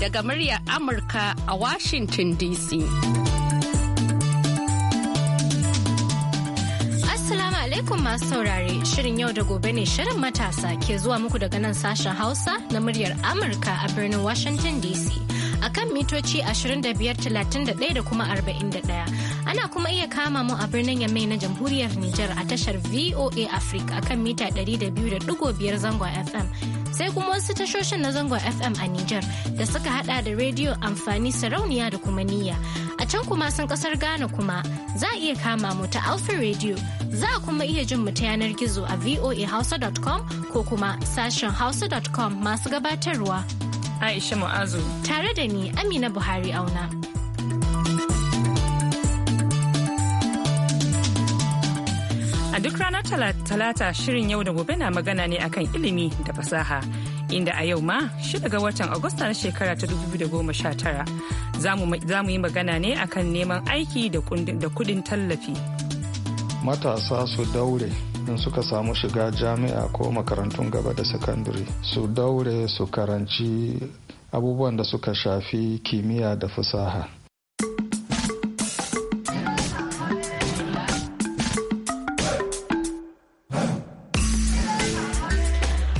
Daga muryar Amurka a Washington DC. Assalamu alaikum masu saurare shirin yau da gobe ne shirin matasa ke zuwa muku daga nan sashen Hausa na muryar Amurka a birnin Washington DC. a kan mitoci 2531 da kuma 41. Ana kuma iya kama mu a birnin Yamai na Jamhuriyar Nijar a tashar VOA Africa a kan mita 200.5 zangon FM. Sai kuma wasu tashoshin na zangon FM a Nijar da suka hada da rediyo amfani sarauniya da kuma niyya. A can kuma sun kasar Ghana kuma za a iya kama mu ta Alpha Radio za a kuma iya jin mu ta yanar gizo a voahausa.com ko kuma sashen hausa.com masu gabatarwa. Aisha Mu'azu. Tare da ni Amina Buhari auna. A duk ranar talata shirin yau da gobe na magana ne akan ilimi da fasaha. Inda a yau ma shida ga watan Agusta na shekara ta 2019 za mu yi magana ne akan neman aiki da kudin tallafi. Matasa su daure in suka samu shiga jami'a ko makarantun gaba da sakandare su daure su karanci abubuwan da suka shafi kimiyya da fasaha.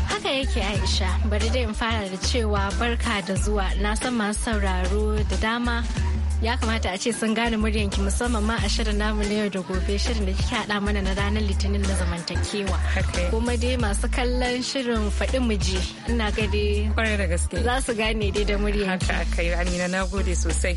Haka yake Aisha, bari dai in fara da cewa barka da zuwa na san masu sauraro da dama ya kamata a ce sun gane muryanki musamman ma a shirin namu na yau da gobe shirin da kike haɗa mana na ranar litinin na zamantakewa kuma dai masu kallon shirin faɗi miji ina ga dai kwarai gaske za su gane dai da muryanki haka kai amina na gode sosai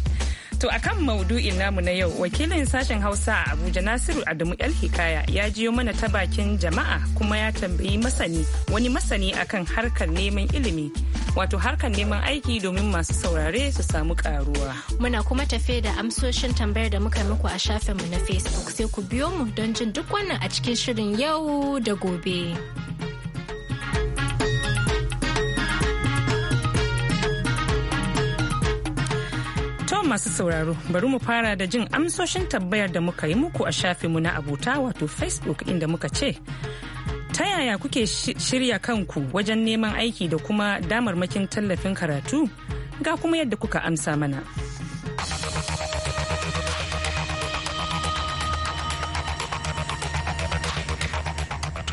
To a kan maudu'in namu na yau wakilin sashen Hausa a Abuja Nasiru Adamu El Hikaya ya jiyo mana ta bakin jama'a kuma ya tambayi masani wani masani akan harkar neman ilimi wato harkar neman aiki domin masu saurare su samu karuwa. Muna kuma tafe da amsoshin tambayar da muka muku a shafinmu na Facebook sai ku biyo mu don jin duk wannan a cikin shirin yau da gobe. masu sauraro bari mu fara da jin amsoshin tambayar da muka yi muku a shafinmu na abota wato facebook inda muka ce ta yaya kuke shirya kanku wajen neman aiki da kuma damarmakin tallafin karatu ga kuma yadda kuka amsa mana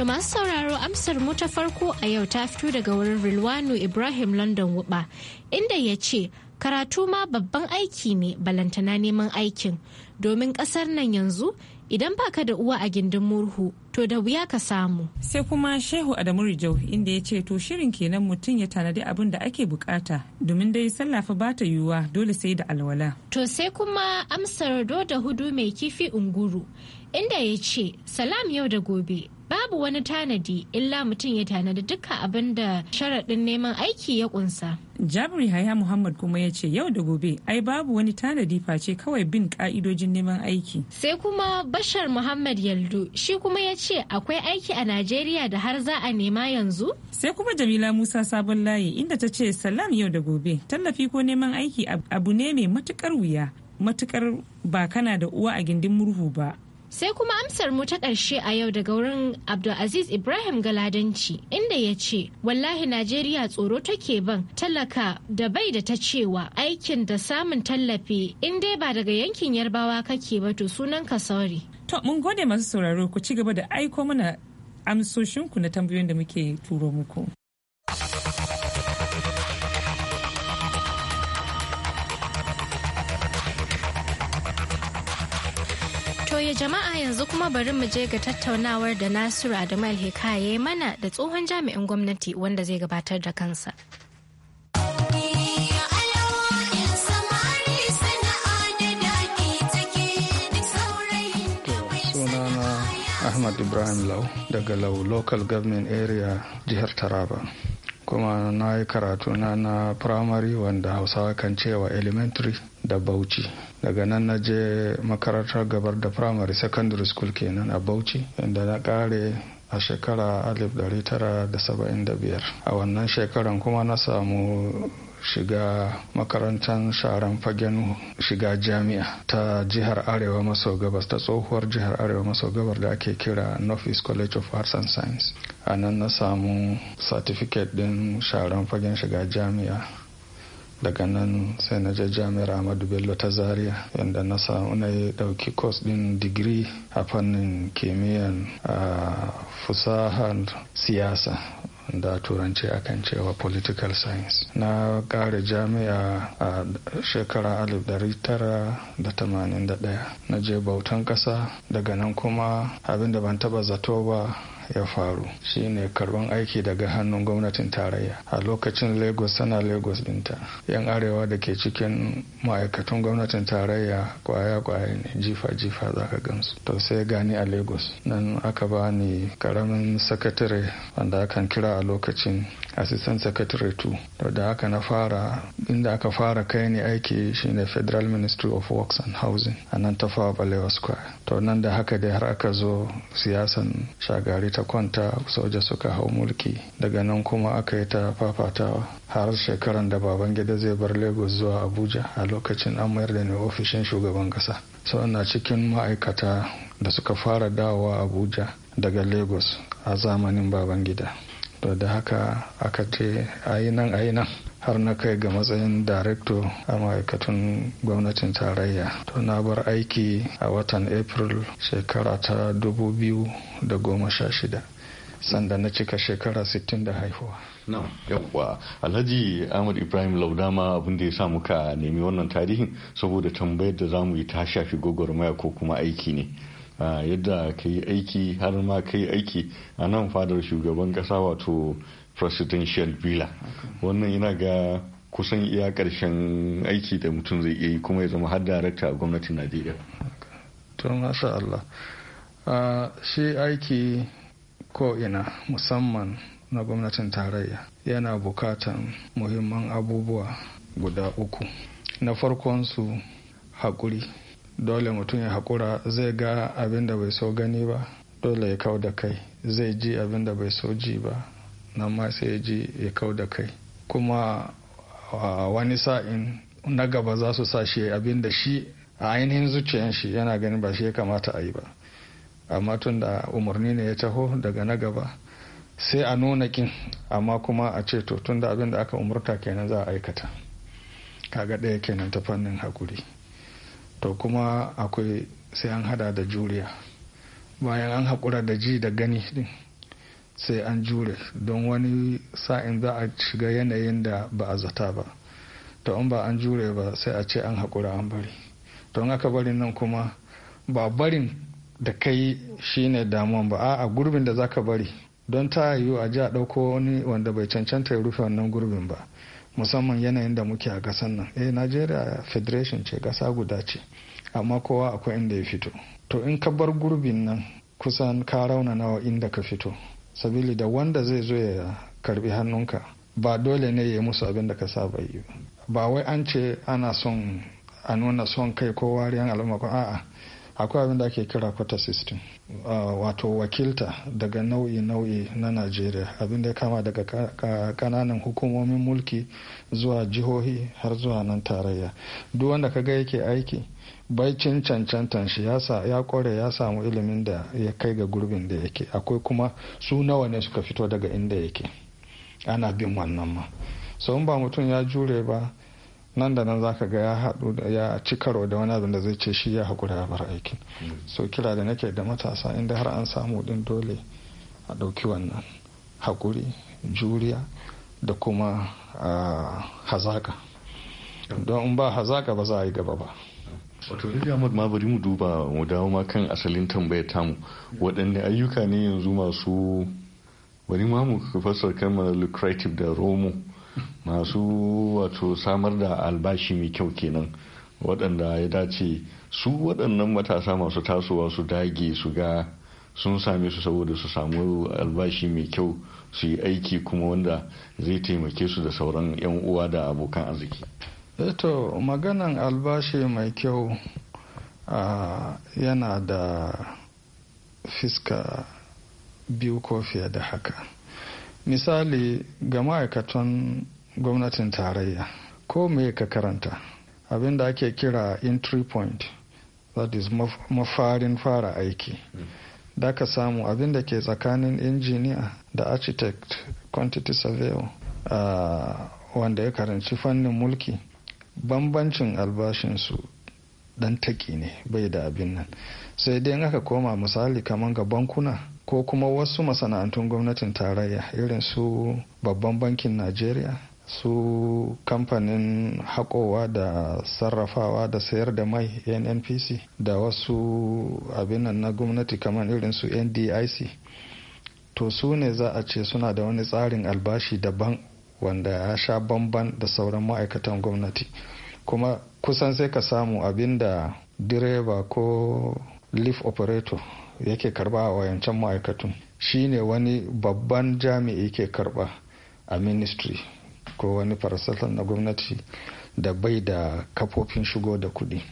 To masu sauraro amsar mu ta farko a yau ta fito daga wurin Rilwanu Ibrahim London Wuba inda ya ce karatu ma babban aiki ne balantana neman aikin domin ƙasar nan yanzu idan baka da uwa a gindin murhu to da wuya ka samu. Sai kuma Shehu Adamu Rijau inda ya ce to shirin kenan mutum ya tanadi abin da ake bukata domin dai sallafa ba ta yiwuwa dole sai da alwala. To sai kuma amsar da hudu mai kifi unguru inda ya ce salam yau da gobe babu wani tanadi illa mutum ya tanadi dukkan abin da sharaɗin neman aiki ya kunsa. Jabri Haya Muhammad kuma ya ce yau da gobe ai babu wani tanadi face kawai bin ka'idojin neman aiki. Sai kuma Bashar Muhammad yaldu shi kuma ya ce ce akwai aiki a Najeriya da har za a nema yanzu? Sai kuma Jamila Musa sabon layi inda ta ce salam yau da gobe tallafi ko neman aiki abu ne mai matukar wuya matukar ba kana da uwa a gindin murhu ba. Sai kuma amsar mu ta ƙarshe a yau daga wurin Abdulaziz Ibrahim Galadanci inda ya ce, Wallahi Najeriya tsoro take ban talaka da bai da ta cewa aikin da samun tallafi in dai ba daga yankin yarbawa kake ba to sunan ka sauri. To mun gode masu sauraro ku ci gaba da aiko mana amsoshinku na tambayoyin da muke turo muku. ya jama'a yanzu kuma bari mu je ga tattaunawar da Nasiru Adamu Alhika ya mana da tsohon jami'in gwamnati wanda zai gabatar da kansa. Ahmad Ibrahim Lau daga Lau Local Government Area jihar Taraba. kuma na yi karatu na na primary wanda hausawa kan cewa elementary da bauchi daga nan na je makarantar gabar da primary secondary school kenan a bauchi inda na kare a shekara 1975 a wannan shekaran kuma na samu shiga makarantar sharan fagen shiga jami'a ta jihar arewa maso gabas ta tsohuwar jihar arewa maso gabar da ake kira north east college of arts and science a nan na samu certificate din sharan fagen shiga jami'a daga nan sai na je jami'ar amadu bello ta zaria yadda na samu na yi dauki kos din digiri a fannin kimiyyar a ah, fusahar siyasa da turanci akan cewa political science na kare jami'a a shekara 1981 na je bautan kasa daga nan kuma abinda ban taba zato ba ya faru shine karban aiki daga hannun gwamnatin tarayya a lokacin lagos tana lagos dinta yan arewa da ke cikin ma'aikatan gwamnatin tarayya kwaya kwaya ne jifa jifa za ka gansu to sai gani a lagos nan aka ba ni karamin sakatare wanda akan kira a lokacin assistant secretary tu da haka na fara inda aka fara kai ni aiki shine federal ministry of works and housing a nan ta fawa balewa square to nan da haka dai har aka zo siyasan shagari ta kwanta soja suka hau mulki daga nan kuma aka yi ta fafatawa har shekaran da baban gida zai bar lagos zuwa abuja a lokacin an mayar da ni ofishin shugaban kasa so na cikin ma'aikata da suka fara dawowa abuja daga lagos a zamanin baban gida to da haka aka ce ayi nan ayi nan har na kai ga matsayin darekto a ma'aikatun gwamnatin tarayya to na bar aiki a watan april shekara ta 2016 sanda na cika shekara 60 da haihuwa. yawwa alhaji ahmad ibrahim laudama abin da ya sa muka nemi wannan tarihin saboda tambayar da za mu yi ta shafi gwagwarmaya ko kuma aiki ne yadda ka yi aiki har ma ka yi aiki a nan fadar shugaban kasa wato presidential villa wannan ina ga kusan iya karshen aiki da mutum zai iya yi kuma ya zama har darakta a gwamnatin najeriya tun hasa allah shi aiki ko ina musamman na gwamnatin tarayya yana bukatan muhimman abubuwa guda uku na farkon su haƙuri dole mutum ya haƙura zai ga abin da bai so gani ba dole ya kau da kai zai ji abin da bai so ji ba nan ma sai ya ji ya kau da kai kuma wani sa'in na gaba za su sa shi abin da shi a ainihin zuciyan shi yana ganin ba shi ya kamata a yi ba amma tun da umarni ne ya taho daga na gaba sai a nuna kin amma kuma a ce to tun da abin da aka umarta kenan za a aikata kaga ɗaya kenan ta fannin hakuri to kuma akwai sai an hada da juriya bayan an haƙura da ji da gani din sai an jure don wani sa'in za a shiga yanayin da ba a zata ba to in ba an jure ba sai a ce an haƙura an bari to in aka bari nan kuma ba barin da kai shine damuwan ba a gurbin da zaka bari don ta yiwu a ji a ɗauko wani wanda bai cancanta ya rufe wannan gurbin ba musamman yanayin da muke a ƙasar nan eh najeriya federation ce gasa guda ce amma kowa akwai inda ya fito to in ka bar gurbin nan kusan ka rauna nawa inda ka fito sabili da wanda zai zo ya karbi hannunka ba dole ne ya yi musu abin da ka saba yi ba wai an ce ana son a nuna son kai ko wariyar al'umma a'a akwai abin da ake kira kwata system wato wakilta daga nau'i-nau'i na najeriya abinda ya kama daga kananan hukumomin mulki zuwa jihohi har zuwa nan tarayya duk wanda ka ga yake aiki baicin cancantan shi ya kore ya samu ilimin da ya kai ga gurbin da yake akwai kuma su nawa ne suka fito daga inda yake ana bin wannan ma sau ba mutum ya jure ba nan da nan za ka ga ya haɗu ya ci karo da wani abin da zai ce shi ya haƙura ya bar aikin mm. so kira da nake da matasa inda har an samu ɗin dole a ɗauki wannan haƙuri juriya da kuma hazaka don ba hazaka ba za a yi gaba ba wato Alhaji ma bari mu duba mu dawo ma kan asalin tambayar tamu waɗanne ayyuka ne yanzu masu bari ma mu fassara lucrative da romo masu wato samar da albashi mai kyau kenan waɗanda ya dace su waɗannan matasa masu tasowa su dage su ga sun same su saboda su samu albashi mai kyau su yi aiki kuma wanda zai taimake su da sauran 'yan uwa da abokan arziki. eto eh maganan albashi mai kyau yana da fiska biyu ko fiye da haka misali ga ma'aikatan gwamnatin tarayya ko me ka karanta abin da ake kira entry point that is mafarin fara aiki da ka samu abin da ke tsakanin injiniya da architect quantity surveyor wanda ya karanci fannin mulki bambancin albashinsu dan taki ne bai da abin nan sai dai in aka koma misali kamar ga bankuna ko kuma wasu masana'antun gwamnatin tarayya irin su babban bankin najeriya su kamfanin haƙowa da sarrafawa da sayar da mai nnpc da wasu abinan na gwamnati kamar irin su ndic to su ne za a ce suna da wani tsarin albashi daban wanda ya sha bamban da sauran ma'aikatan gwamnati kuma kusan sai ka samu abin da direba ko leaf operator yake karba a wayancan ma'aikatun shine wani babban jami'i ke karba a ministry ko wani parastatal na gwamnati da bai da kafofin shigo da kuɗi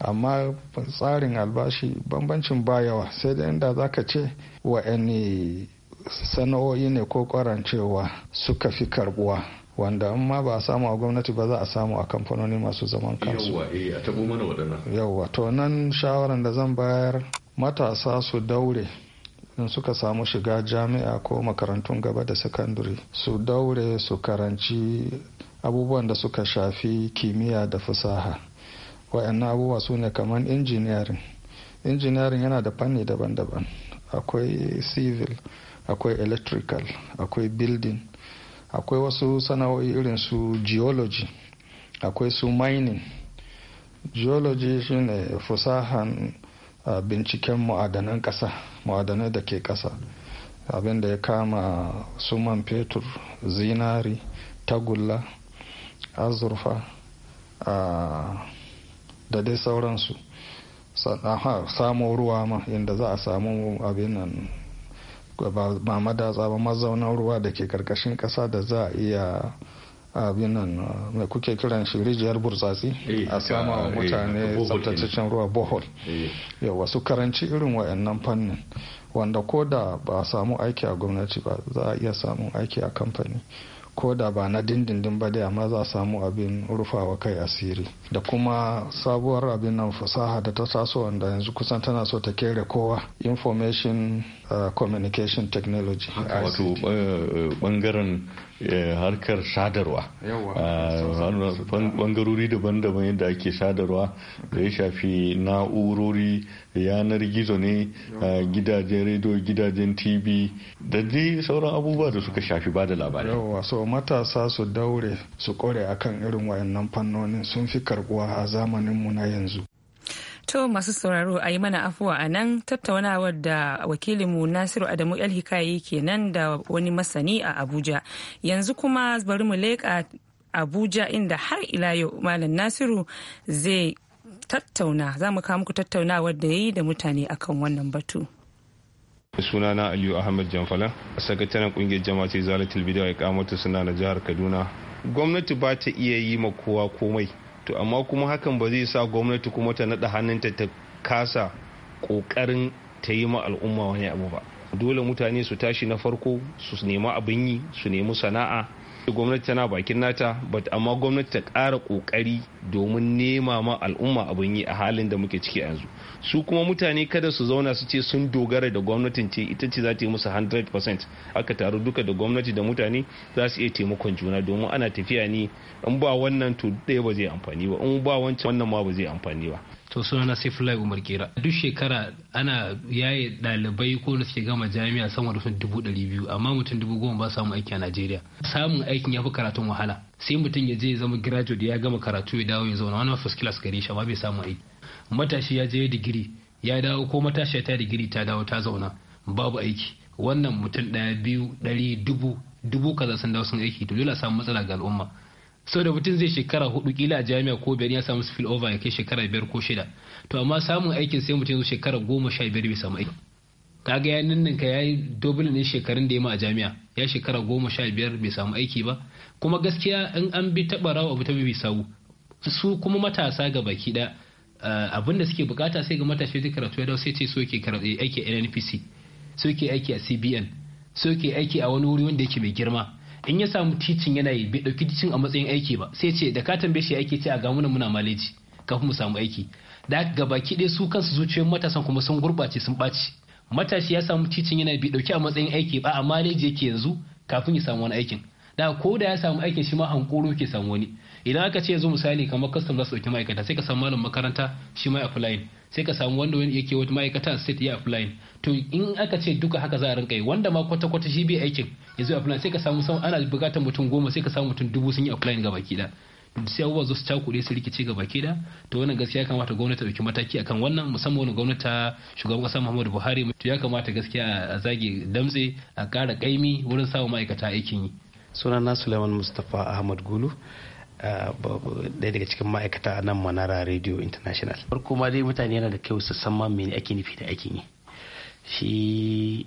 amma tsarin albashi bambancin ba yawa sai da inda za ka ce wa'ani sana'o'i ne ko kwarancewa suka fi karbuwa wanda in ma ba a samu a gwamnati ba za a samu a kamfanoni masu zaman kansu eh, yauwa to nan shawaran da zan bayar matasa su daure in suka samu shiga jami'a ko makarantun gaba da sakandare su daure su karanci abubuwan da suka shafi kimiyya da fasaha wayannan abubuwa su ne kamar injiniyarin injiniyarin yana da fanni daban-daban akwai civil akwai electrical akwai building akwai wasu sana'o'i irin su geology akwai su mining geology shine fusahan ah, binciken ma'adanan ƙasa ma'adanai da ke ƙasa abin da ya kama su man fetur zinari tagulla azurfa ah, da dai sauransu samo ruwa ma inda za a samu abin nan ba madatsa ba mazaunan ruwa da ke karkashin ƙasa da za a iya abin nan mai kuke kiran shi rijiyar burtsatsi eh, a sama eh, mutane tsabtataccen ruwa bohol eh. yawa su karanci irin wayannan fannin wanda ko da ba a samu aiki a gwamnati ba za a iya samun aiki a kamfani ko da ba na dindindin ba dai amma za a samu abin rufawa kai asiri da kuma sabuwar abin nan fasaha da ta taso wanda yanzu kusan tana so ta kere kowa information Uh, communication technology wato bangaren uh, uh, harkar sadarwa bangarori daban-daban yadda ake sadarwa da ya shafi na'urori yanar gizo ne gidajen rediyo gidajen tv da dai sauran abubuwa da suka shafi ba da labarai yawa so matasa su daure su kore akan irin wayannan fannonin sun fi karbuwa a zamaninmu na yanzu To masu sauraro a yi mana afuwa a nan tattaunawar da wakilinmu Nasiru Adamu El Hikayi nan da wani masani a Abuja. Yanzu kuma bari mu leƙa Abuja inda har ila yau Malam Nasiru zai tattauna za mu kawo muku tattaunawar da ya yi da mutane akan wannan batu. sunana aliyu ahmed jamfala sakataren kungiyar jama'a ce zalatul bidiyo ya kamata suna na jihar kaduna gwamnati ba ta iya yi ma kowa komai to amma kuma hakan ba zai sa gwamnati kuma ta naɗa hannunta ta kasa ƙoƙarin ta yi ma al'umma wani abu ba dole mutane su tashi na farko su nemi abin yi su nemi sana'a gwamnati tana bakin nata but amma gwamnati ta ƙara ƙoƙari domin nema ma al'umma abin yi a halin da muke ciki yanzu su kuma mutane kada su zauna su ce sun dogara da gwamnatin ce ita ce za ta yi musu 100% aka taru duka da gwamnati da mutane za su iya taimakon juna domin ana tafiya ne in ba wannan to ɗaya ba zai amfani ba in ba wancan wannan ma ba zai amfani ba to sunana Saifulai Umar Kera duk shekara ana yaye ɗalibai ko da suke gama jami'a sama da dubu ɗari biyu amma mutum dubu goma ba samun aiki a Najeriya samun aikin ya fi karatun wahala sai mutum ya je ya zama graduate ya gama karatu ya dawo ya zauna wani first class gare shi amma bai samu aiki matashi ya je digiri ya dawo ko matashi ta digiri ta dawo ta zauna babu aiki wannan mutum ɗaya biyu ɗari dubu dubu kaza sun dawo sun aiki to dole a samu matsala ga al'umma sau da mutum zai shekara hudu kila a jami'a ko biyar ya samu spill over ya kai shekara biyar ko shida to amma samun aikin sai mutum shekara goma sha biyar bai samu aiki aikin kaga ya ninninka ya yi dobulin ne shekarun da ya ma a jami'a ya shekara goma sha biyar bai samu aiki ba kuma gaskiya in an bi taɓa rawa abu ta bai sawu su kuma matasa ga baki da eh, abin da suke bukata sai ga matashi da karatu ya sai ce so ke eh, aiki a nnpc so ke aiki a cbn so ke aiki a wani wuri wanda yake mai girma in ya samu ticin yana yi bai dauki ticin a matsayin aiki ba sai ce da ka tambaye shi aiki ce a gamuna muna maleji kafin mu samu aiki da ga baki ɗaya su kansu zuciyoyin matasan kuma sun gurɓace sun ɓaci matashi ya samu ticin yana bai dauki a matsayin aiki ba a maleji yake yanzu kafin ya samu wani aikin da ko da ya samu aikin shi ma hankoro ke samu wani idan aka ce yanzu misali kamar custom za su ɗauki ma'aikata sai ka samu malam makaranta shi ma applying sai ka samu wanda wani yake wata ma'aikata state ya apply to in aka ce duka haka za a rinka yi wanda ma kwata kwata shi bai aikin ya zo apply sai ka samu ana bukatar mutum goma sai ka samu mutum dubu sun yi apply ga baki da sai abubuwa zo su cakuɗe su rikice ga baki da to wannan gaskiya kamata gwamnati ɗauki mataki akan wannan musamman wani gwamnati shugaban ƙasa Muhammadu Buhari to ya kamata gaskiya a zage damtse a ƙara ƙaimi wurin samun ma'aikata aikin yi sunana Suleiman Mustapha Ahmad Gulu ɗaya daga cikin ma'aikata nan manara radio international farko ma dai mutane yana da kyau su san ma mene ake nufi da aikin yi shi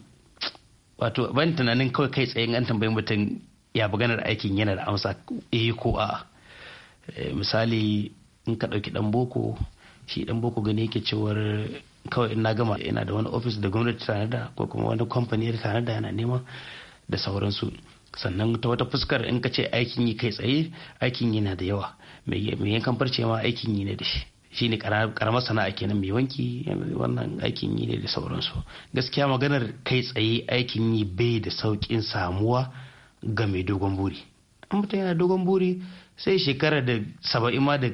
wato ban tunanin kawai kai tsayin an tambayi mutum ya ganar aikin yana da amsa e ko a eh, misali in ka ɗauki ɗan boko shi ɗan boko gani yake cewar kawai na gama yana da wani ofis da gwamnati tanada ko kuma wani kamfani da tanada yana neman da sauransu sannan ta wata fuskar in ka ce aikin yi kai tsaye aikin yi na da yawa mai yankan farce ma aikin yi ne da shi shi ne karamar sana'a kenan mai wanki wannan aikin yi ne da sauransu gaskiya maganar kai tsaye aikin yi bai da saukin samuwa ga mai dogon buri an mutum yana dogon buri sai shekara da saba'in ma da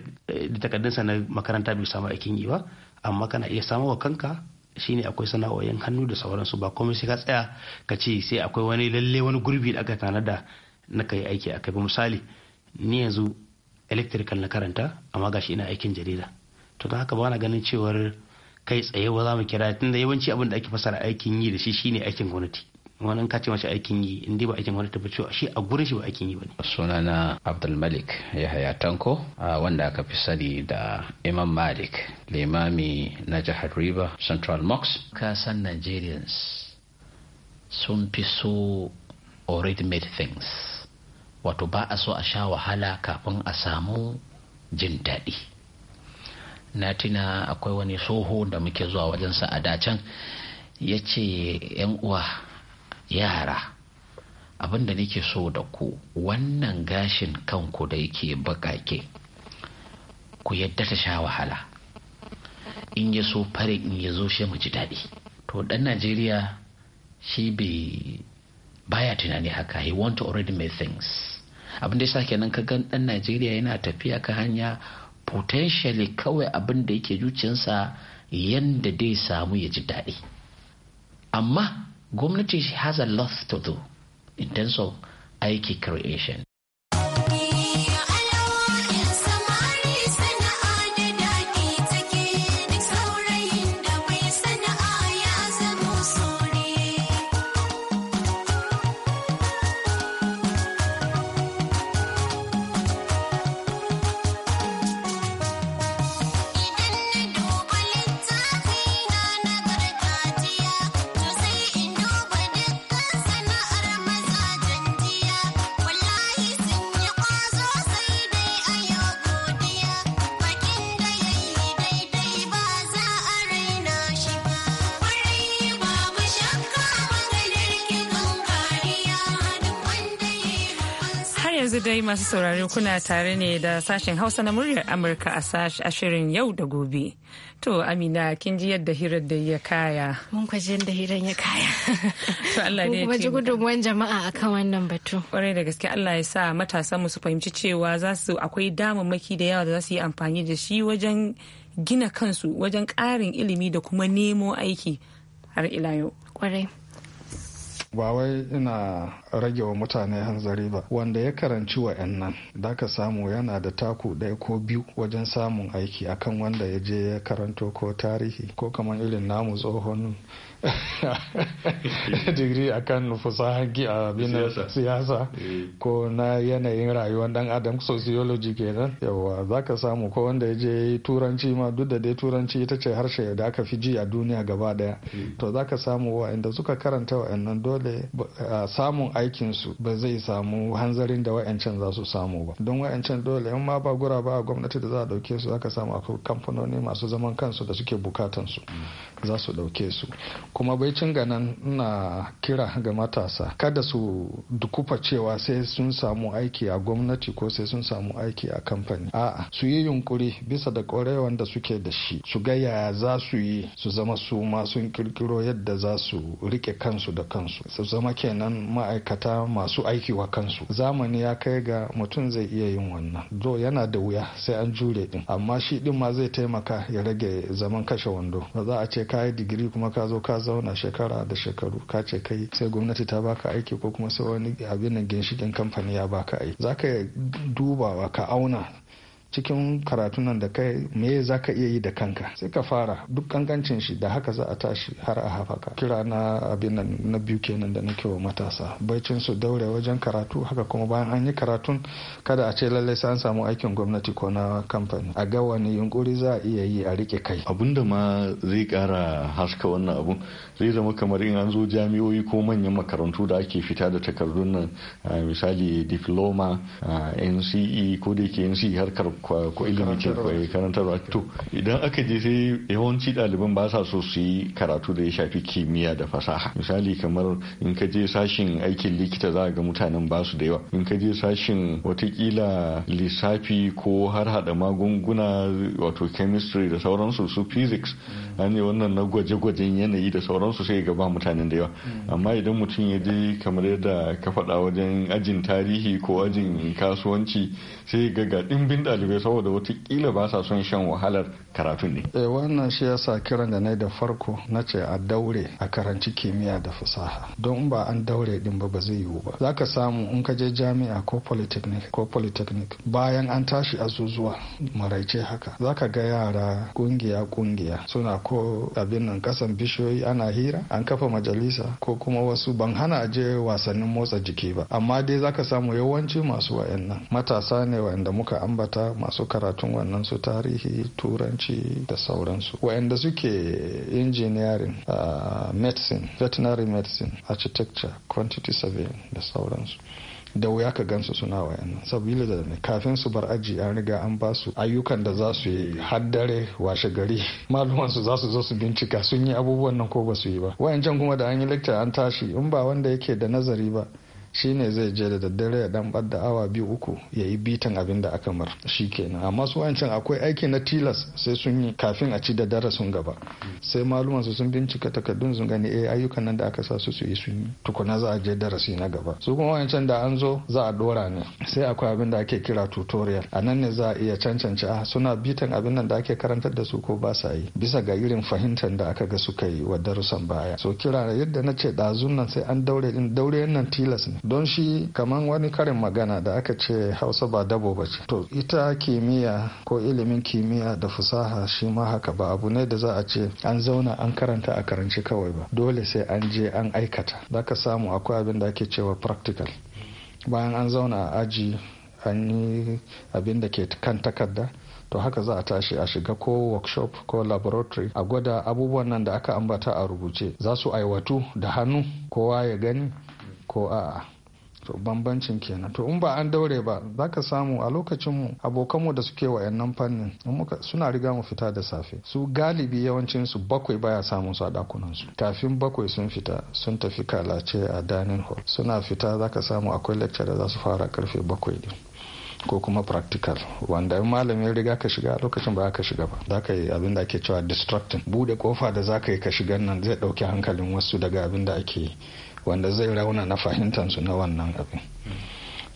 takardunsa na makaranta bai samu aikin yi ba amma kana iya samu wa kanka shine akwai sana'o'in hannu da sauransu ba komai sai ka tsaya ka ce sai akwai wani lalle wani gurbi da aka tanada na kai aiki akai ba misali ni yanzu electrical na karanta amma gashi ina aikin jarida to don haka ba na ganin cewar kai tsaye ba za mu kira tunda yawanci abin da ake fasara aikin yi da shi shine aikin gwamnati wannan ka ce mashi aikin yi in dai ba aikin wani tabbaci shi a gurin shi ba aikin yi bane sunana Abdul Malik Yahaya Tanko wanda aka fi sani da Imam Malik limami na jihar River Central Mox Kasan san Nigerians sun fi so already made things wato ba a so a sha wahala kafin a samu jin daɗi na tuna akwai wani soho da muke zuwa wajensa a dacen ya ce 'yan uwa yara abin da nake so da ku wannan gashin kanku da yake bakake ku yadda ta sha wahala in ya so fare in ya zo shi mu ji daɗi to ɗan najeriya shi bai baya tunani haka he want to already make things abin da yasa kenan ka gan ɗan najeriya yana tafiya ka hanya potentially kawai abin da yake zuciyarsa yanda dai samu ya ji daɗi amma Gwamnati has a lot to do in terms of aiki creation. masu saurare kuna tare ne da sashen Hausa na muryar Amurka a shirin yau da gobe. To Amina kin ji yadda hirar da ya kaya. Mun kwaji yadda hirar ya kaya. To Allah ne ya ji gudunmuwan jama'a akan wannan batu. Kwarai da gaske Allah ya sa matasanmu su fahimci cewa za su akwai damammaki da yawa da za su yi amfani da shi wajen gina kansu wajen ƙarin ilimi da kuma nemo aiki har ila yau. Kwarai. ba wai ina rage wa mutane hanzari ba wanda ya karanci wa 'yan nan da ka samu yana da taku ɗaya ko biyu wajen samun aiki akan wanda ya je ya karanto ko tarihi ko kamar irin namu tsohon digiri akan fasahanki a ah, binar siyasa eh. ko na yanayin rayuwar dan adam sociology kenan yawa za ka samu ko wanda ya je turanci ma duk da dai turanci ita ce harshe da aka fi ji a duniya gaba daya eh. to za ka samu wa'anda suka karanta wa'annan dole ah, samun aikinsu ba zai samu hanzarin da wa'ancan za su samu ba don wa'ancan dole in ma ba gura ba a gwamnati da za a dauke su za ka samu akwai kamfanoni masu zaman kansu da suke bukatan su mm. za su dauke su kuma bai cin ganin, na kira ga matasa kada su dukufa cewa sai sun samu aiki a gwamnati ko sai sun samu aiki a kamfani a'a su yi yunkuri bisa da ƙwarewan da suke da shi su ga yaya za su yi su zama su ma sun kirkiro yadda za su rike kansu da kansu su zama kenan ma'aikata masu aiki wa kansu zamani ya kai ga mutum zai iya yin wannan do yana da wuya sai an jure din amma shi din ma zai taimaka ya rage zaman kashe wando ba za a ce ka yi digiri kuma ka zo ka ka zauna shekara da shekaru ka ce kai sai gwamnati ta baka aiki ko kuma sai wani abin ginshikin kamfani ya baka aiki zaka duba ka auna cikin karatun nan da kai me za ka iya yi da kanka sai ka fara duk kankancin shi da haka za a tashi har a hafaka kira na abin nan na biyu kenan da nake wa matasa baicin su daure wajen karatu haka kuma bayan an yi karatun kada a ce lallai sai an samu aikin gwamnati ko na kamfani a ga wani yunkuri za a iya yi a rike kai abun da ma zai kara haska wannan abun zai zama kamar in an zo jami'o'i ko manyan makarantu da ake fita da takardun nan misali diploma nce ko da yake nce harkar ko ilimin ce karantarwa to idan aka je sai yawanci ɗaliban ba sa so su yi karatu da ya shafi kimiyya da fasaha misali kamar in ka je sashin aikin likita za ga mutanen ba su da yawa in ka je sashin watakila lissafi ko har hada magunguna wato chemistry da sauransu su physics mm. an yi wannan na gwaje-gwajen yanayi da sauransu sai ga ba mutanen da yawa mm. amma idan mutum ya je kamar yadda ka faɗa wajen ajin tarihi ko ajin kasuwanci sai ga ga dimbin dalibai saboda watakila ba sa son shan wahalar karatun ne eh wannan shi yasa kiran da na da farko na ce a daure a karanci kimiyya da fasaha don ba an daure din ba ba zai yiwu ba za ka samu in ka je jami'a ko polytechnic ko polytechnic bayan an tashi azuzuwa maraice haka za ka ga yara kungiya kungiya suna ko abin nan kasan bishiyoyi ana hira an kafa majalisa ko kuma wasu ban hana je wasannin motsa jiki ba amma dai za ka samu yawanci masu wa'annan matasa ne ne wanda muka ambata masu karatun wannan su tarihi turanci da sauransu wayanda suke injiniyarin uh, medicine veterinary medicine architecture quantity surveying da sauransu da wuya ka gansu suna wayannan sabila da ne kafin su bar aji an riga an ba su ayyukan da za su yi haddare washe gari maluman su za su zo su bincika sun yi abubuwan nan ko ba su yi ba wayan wayancan kuma da an yi lecture an tashi in ba wanda yake da nazari ba shine zai je da daddare ya dan da awa biyu uku ya yi bitan abin da aka mar shi kenan amma su wancan akwai aiki na tilas sai sun yi kafin a ci da darasin gaba sai maluman su sun bincika takardun sun gani eh ayyukan nan da aka sa su su yi sun tukuna za a je darasi na gaba su kuma wancan da an zo za a dora ne sai akwai abin da ake kira tutorial a nan ne za a iya cancanci a ah, suna bitan abin nan da ake karantar da su ko ba sa yi bisa ga irin fahimtar da aka ga suka yi wa darussan baya so kira yadda na ce dazun nan sai an daure din daure nan tilas ne don shi kamar wani karin magana da aka ce hausa ba dabo ba ce to ita kimiyya ko ilimin kimiyya da fusaha shi ma haka ba abu ne da za a ce an zauna an karanta a karanci kawai ba dole sai an je an aikata da ka samu akwai abin da ake cewa practical bayan an zauna a aji an yi abin da ke kan takarda to haka za a tashi a shiga ko workshop ko laboratory a gwada abubuwan nan da aka ambata a rubuce za su aiwatu da hannu kowa ya gani ko a'a to bambancin kenan to in ba an daure ba za ka samu a lokacin lokacinmu abokanmu da suke wa yannan fannin suna riga mu fita da safe su galibi yawancin su bakwai baya samun su a dakunan kafin bakwai sun fita sun tafi kalace a dining hall suna fita za ka samu akwai lecture da za su fara karfe bakwai din ko kuma practical wanda in malami ya riga ka shiga lokacin ba ka shiga ba za ka yi abin da ake cewa distracting bude kofa da za ka yi ka shigan nan zai dauki hankalin wasu daga abin da ake yi wanda zai rauna na fahimtansu na wannan abin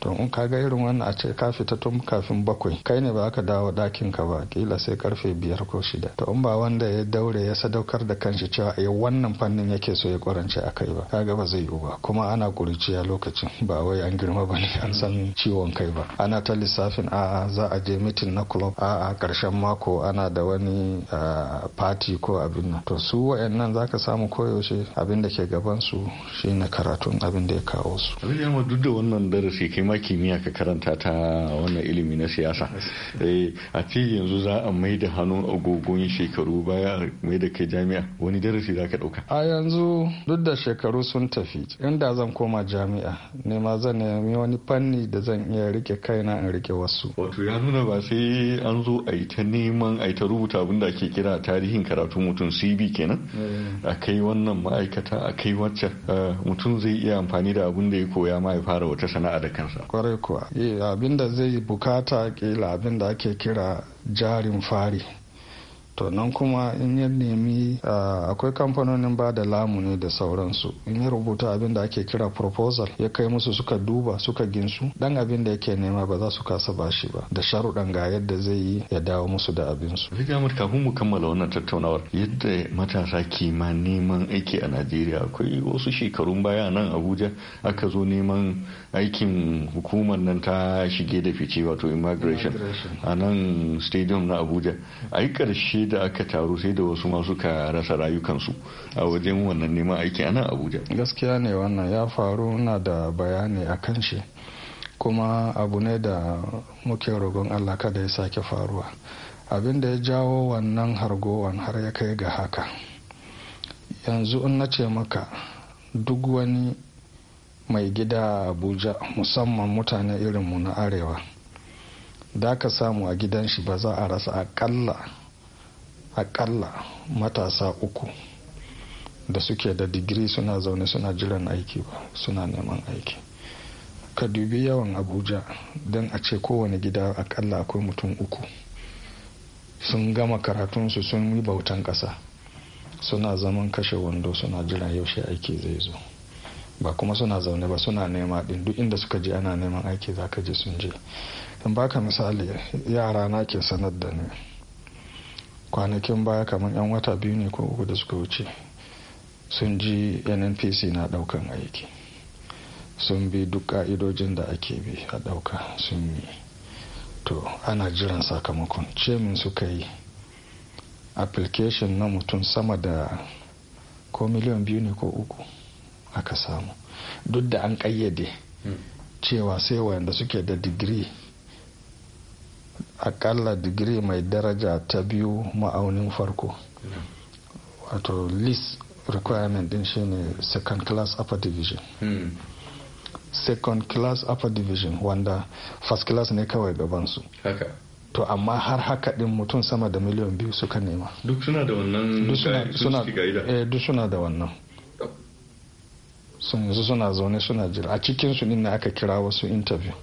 to in ka ga irin wannan a ce ka fita tun kafin bakwai kai ne ba ka dawo ɗakin ka ba kila sai karfe biyar ko shida to in ba wanda ya daure ya sadaukar da kanshi cewa a wannan fannin yake so ya kwarance a kai ba kaga ba zai yiwu ba kuma ana kuriciya lokacin ba wai an girma ba ne an san ciwon kai ba ana ta lissafin a za a je mitin na club a a karshen mako ana da wani party ko abin nan to su wayannan zaka samu koyaushe abin da ke gaban su shine karatun abin da ya kawo su duk da wannan darasi kai ma kimiyya ka karanta ta wannan ilimi na siyasa eh, a ce yanzu za a mai da hannun agogon shekaru baya mai da kai jami'a wani darasi za ka dauka a yanzu duk da shekaru sun tafi inda zan koma jami'a ne ma zan nemi wani fanni da zan iya rike kaina in rike wasu wato ya nuna ba sai an zo a yi ta neman a yi ta rubuta abin da ake kira tarihin karatu mutum cv kenan eh. a kai wannan ma'aikata a kai wacce eh, mutum zai iya amfani da abin da ya koya ma ya fara wata sana'a da kansa kwarai kuwa eh, abinda zai bukata kila abinda ake kira jarin fari to nan kuma in ya nemi ah, akwai kamfanonin ba da lamuni da sauransu in ya rubuta abin da ake kira proposal ya kai musu suka duba suka ginsu dan abin da yake nema ba za su kasa ba shi ba da sharuɗan ga yadda zai yi ya dawo musu da abinsu. Riga kafin mu kammala wannan tattaunawar yadda matasa ke ma neman aiki a Najeriya akwai wasu shekarun baya nan Abuja aka zo neman aikin hukumar nan ta shige da fice wato immigration a nan stadium na Abuja. A yi ƙarshe da aka taru sai da wasu masu ka rasa rayukansu a wajen wannan neman aiki a nan abuja gaskiya ne wannan ya faru na da bayani a kan shi kuma abu ne da muke rogon allah kada ya sake faruwa abin da ya jawo wannan hargowan har ya kai ga haka yanzu in na ce maka duk wani mai gida a abuja musamman mutane irinmu na arewa da ka samu a gidan shi ba za a rasa akalla akalla matasa uku da suke da digiri suna zaune suna jiran aiki ba suna neman aiki ka dubi yawan abuja don a ce kowane gida akalla akwai mutum uku sun gama karatunsu sun yi bautan ƙasa suna zaman kashe wando suna jiran yaushe aiki zai zo ba kuma suna zaune ba suna nema din duk inda suka je ana neman aiki za ka je sun je in baka misali yara na ke sanar da ni kwanakin baya kamar 'yan wata biyu ne ko uku da suka wuce sun ji nnpc na daukan aiki sun bi duk ka'idojin da ake bi a dauka sun yi to ana jiran sakamakon cemin suka yi application na mutum sama da ko miliyan biyu ne ko uku aka samu duk da an kayyade hmm. cewa sai wayanda suke da digiri akalla digiri mai daraja ta biyu ma'aunin farko wato list requirement din shine second class upper division hmm. second class upper division wanda first class ne kawai gabansu okay. to amma har haka din mutum sama da miliyan biyu suka nema duk suna da wannan duk suna eh, da wannan oh. sun yanzu suna zaune suna jira a cikinsu ne aka kira wasu interview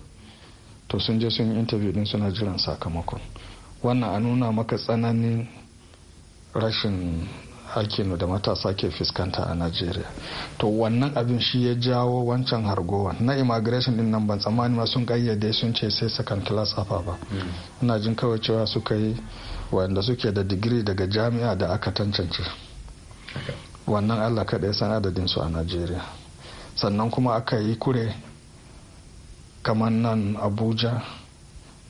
to sun je sun yi interview din suna jiran sakamakon wannan a nuna maka tsananin rashin aikin da matasa ke fuskanta a najeriya to wannan abin shi ya jawo wancan hargowan na immigration din nan ban tsammani ma sun kayyade sun ce sai second class afa ba hmm. ina jin kawai cewa suka yi wanda suke da digiri daga jami'a da aka tantance wannan allah kaɗai san adadin su a najeriya sannan kuma aka yi kure kamar nan abuja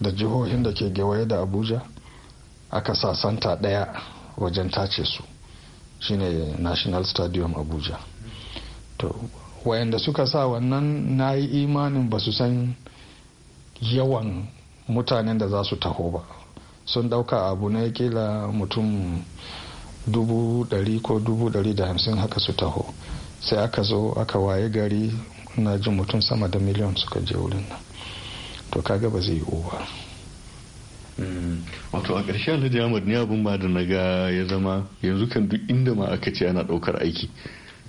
da jihohin da ke gewaye da abuja aka sasanta ɗaya wajen tace su shine national stadium abuja to wayanda suka sa wannan na yi imanin ba su san yawan mutanen da za su taho ba sun dauka abu na kila mutum dubu dari ko dubu dari da hamsin haka su taho sai aka zo aka waye gari na jin mutum sama da miliyan suka je wurin nan to kaga ba zai yi ba mm. wato a ƙarshe alhaji ahmad ne abin ba da na ga ya zama yanzu kan duk inda ma aka ce ana ɗaukar aiki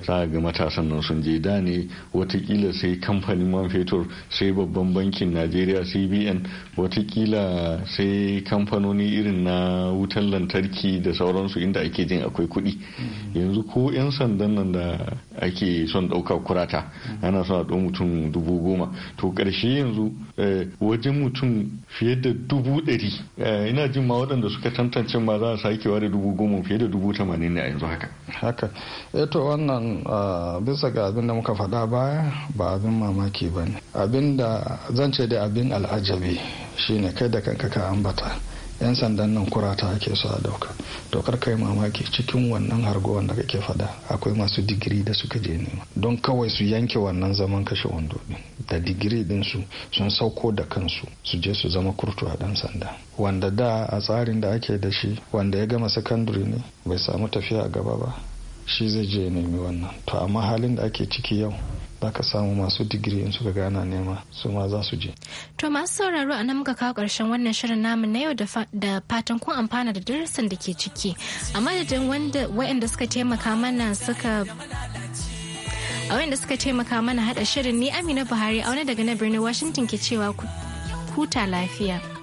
za ga matasan nan sun je da ne watakila sai kamfanin man fetur sai babban bankin najeriya cbn watakila sai kamfanoni irin na wutan lantarki da sauransu inda ake jin akwai kuɗi mm-hmm. yanzu ko 'yan sandan nan da ake son ɗauka kurata mm-hmm. ana son a ɗau mutum dubu goma to ƙarshe yanzu eh, wajen mutum fiye da dubu ɗari eh, ina jin ma waɗanda suka tantance ma za a sakewa da dubu goma fiye da dubu tamanin ne a yanzu haka haka eto eh, wannan wannan bisa ga abin da muka faɗa baya ba abin mamaki ba ne abin da zan ce da abin al'ajabi shine kai da kanka ka ambata yan sandan nan kurata ake so a dauka to kar kai mamaki cikin wannan hargowan da kake faɗa akwai masu digiri da suka je nema don kawai su yanke wannan zaman kashe wando da digiri su sun sauko da kansu su je su zama kurtu a dan sanda wanda da a tsarin da ake da shi wanda ya gama sakandare ne bai samu tafiya gaba ba shi zai je nemi wannan to amma halin da ake ciki yau za ka samu masu digiri in suka gana nema su ma za su je. To masu sauraro a nan muka kawo karshen wannan shirin namu na yau da fatan kun amfana da darasin da ke ciki. A madadin suka taimaka mana suka a wanda suka taimaka mana hada shirin ni Amina Buhari a wani daga na birnin Washington ke cewa kuta lafiya.